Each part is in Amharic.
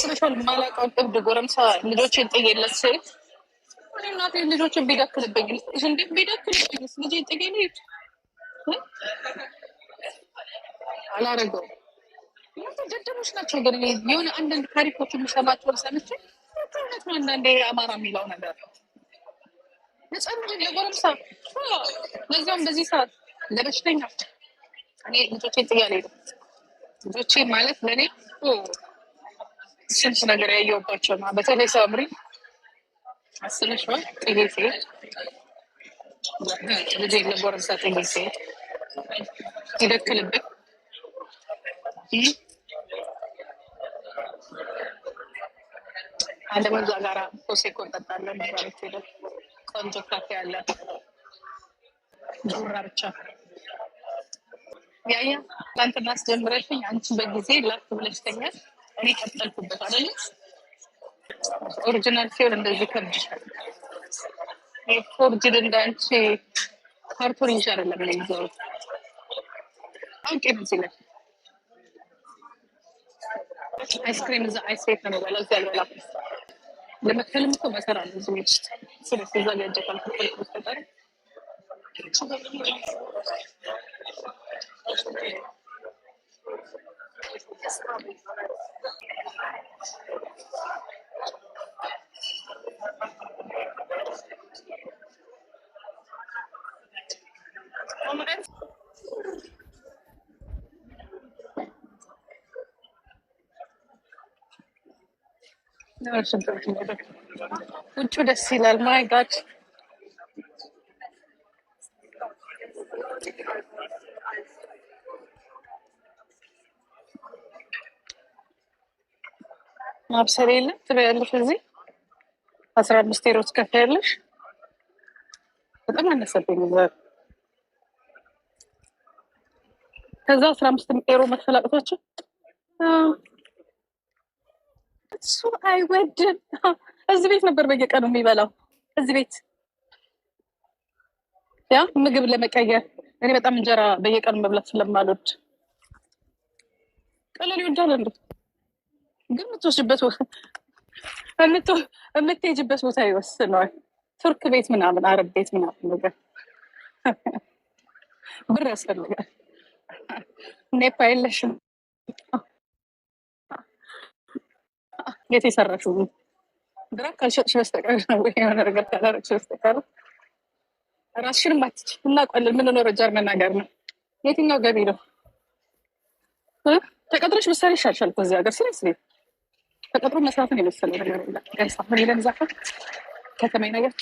ስፔሻል ማላውቀው እብድ ጎረምሳ ልጆችን ጥዬለት ሴት እናቴ ልጆችን ቢደክልብኝ እንዴ ቢደክልብኝ ልጅ ጥጌ ልጅ አላረገውም። ደደቦች ናቸው። ግን የሆነ አንዳንድ ታሪኮች የሚሰማቸውን ሰምቼ ነው። አንዳንዴ አማራ የሚለው ነገር ነው። ነጻን ለጎረምሳ ለዚያም በዚህ ሰዓት ለበሽተኛ እኔ ልጆቼን ጥዬ አልሄድም። ልጆቼ ማለት ለእኔ ስንት ነገር ያየውባቸው ና በተለይ ሳምሪ አስነሽ ወይ ጥጌ ሲሄድ ልጅ ለጎረምሳ ጥጌ ሲሄድ ይደክልብን አለመዛ ጋራ ኮሴኮ እንጠጣለን ባለት ሄደ ቆንጆ ካፌ ያለ ጉራ ብቻ ያያ ትናንትና አስጀምረሽኝ አንቺ በጊዜ ላክ ብለሽተኛል። እኔ ቀጠልኩበት አይደለ? ኦሪጂናል ሲሆን እንደዚህ ከብድ ፎርጅድ እንዳንቺ ካርቶን ይዤ አይደለም እኔ አውቄ ደስ አይስክሪም እዛ አይስ ነው የሚበላው፣ እዚህ አልበላም። ለመክፈልም እኮ መከራ ነው። እዚህ ውስጥ ስለስ ዘጋጀ ካልክፈል በስተቀር ውጩ ደስ ይላል። ማይ ጋድ ማብሰል የለም ትበያለሽ። እዚህ አስራ አምስት ሮ ከፍ በጣም አነሰብኝ። ከዛ አስራ አምስት ሮ መክፈል አቅቷቸው እሱ አይወድም። እዚህ ቤት ነበር በየቀኑ የሚበላው እዚህ ቤት ያ ምግብ ለመቀየር እኔ በጣም እንጀራ በየቀኑ መብላት ስለማልወድ ቀለል ይወዳል። እንደ ግን የምትወስድበት የምትሄጅበት ቦታ ይወስነዋል። ቱርክ ቤት ምናምን፣ አረብ ቤት ምናምን ነገር ብር ያስፈልጋል። ኔፓ የለሽም። የት የሰራሽው ድራግ ካልሸጥሽ በስተቀር የሆነ ነገር ካላረግሽ በስተቀር ራስሽንም አትች የምንኖረው ጀርመን ሀገር ነው። የትኛው ገቢ ነው ተቀጥሮሽ መሰሪ ይሻልሻል እኮ እዚህ ሀገር ስለስ ተቀጥሮ መስራትን የመሰለ ነገር ጋይሳ ምን ይለን ዛፈ ከተማ ነገር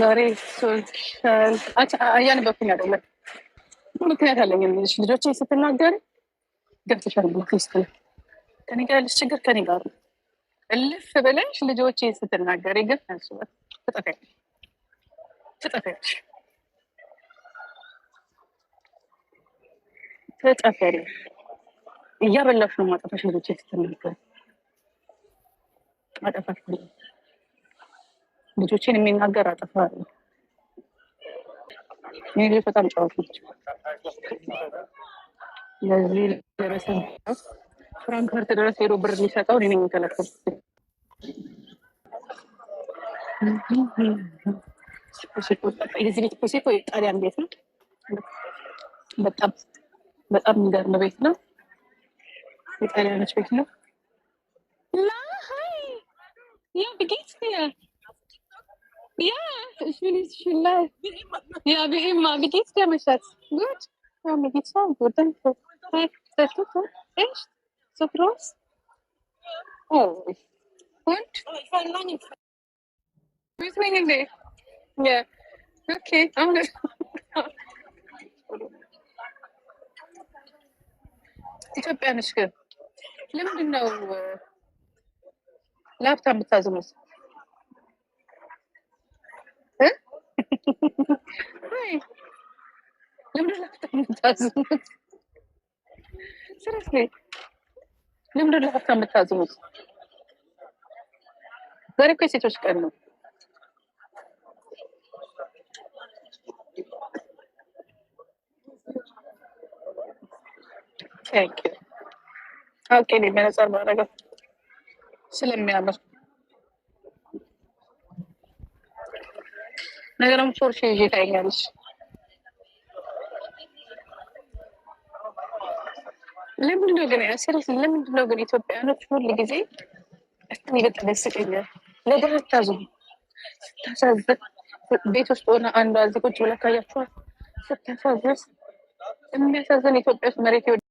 ዛሬ ሶሻል አያንበኩኝ አይደለም ምክንያት አለኝ የሚልሽ ልጆች ስትናገር ገብተሻል ብሎክ ከኔ ጋር ያለሽ ችግር ከኔ ጋር እልፍ ብለሽ ልጆቼ ስትናገር ግን ያስበት ትጠፊያለሽ፣ ትጠፊያለሽ፣ ትጠፊያለሽ። እያበላሽ ነው ማጠፋሽ። ልጆች ስትናገር ማጠፋሽ ልጆችን የሚናገር አጠፋ ሌሎች በጣም ጨዋቶች ለዚህ ደረሰ። ፍራንክፈርት ድረስ ሄዶ ብር የሚሰጠው እኔ ነኝ የተለከልኩት። የዚህ የጣሊያን ቤት ነው። በጣም በጣም የሚገርም ቤት ነው። የጣሊያኖች ቤት ነው። ላ ያ ብጌት Ja, ich bin nicht schön live. Wie immer. Ja, wie immer. Wie geht's dir, mein Schatz? Gut? Ja, mir geht's auch gut, danke. Hey, seid du gut? Echt? So groß? Ja. Oh. Und? Oh, ich war lange. Who's winning day? Ja. Okay, Ich hab I'm gonna... ኢትዮጵያ ነሽ Lauf damit, ነው ላፕታፕ የምታዘሙት? ለምንድን ነው ለሀብታም የምታዝኑት? ዛሬ እኮ የሴቶች ቀን ነው። ኦኬ መነጽር ማድረግ ስለሚያምር ነገርም ሶርሽ ይዤ ታይኛለሽ። ለምንድነው ግን ስሬት ለምንድነው ግን ኢትዮጵያኖች ሁል ጊዜ እስትን ይበጣ ደስቀኛል። ነገር አታዝቡ ስታሳዝን ቤት ውስጥ ሆነ አንዷ እዚህ ቁጭ ብላ ካያችኋል ስታሳዝን የሚያሳዝን ኢትዮጵያ ውስጥ መሬት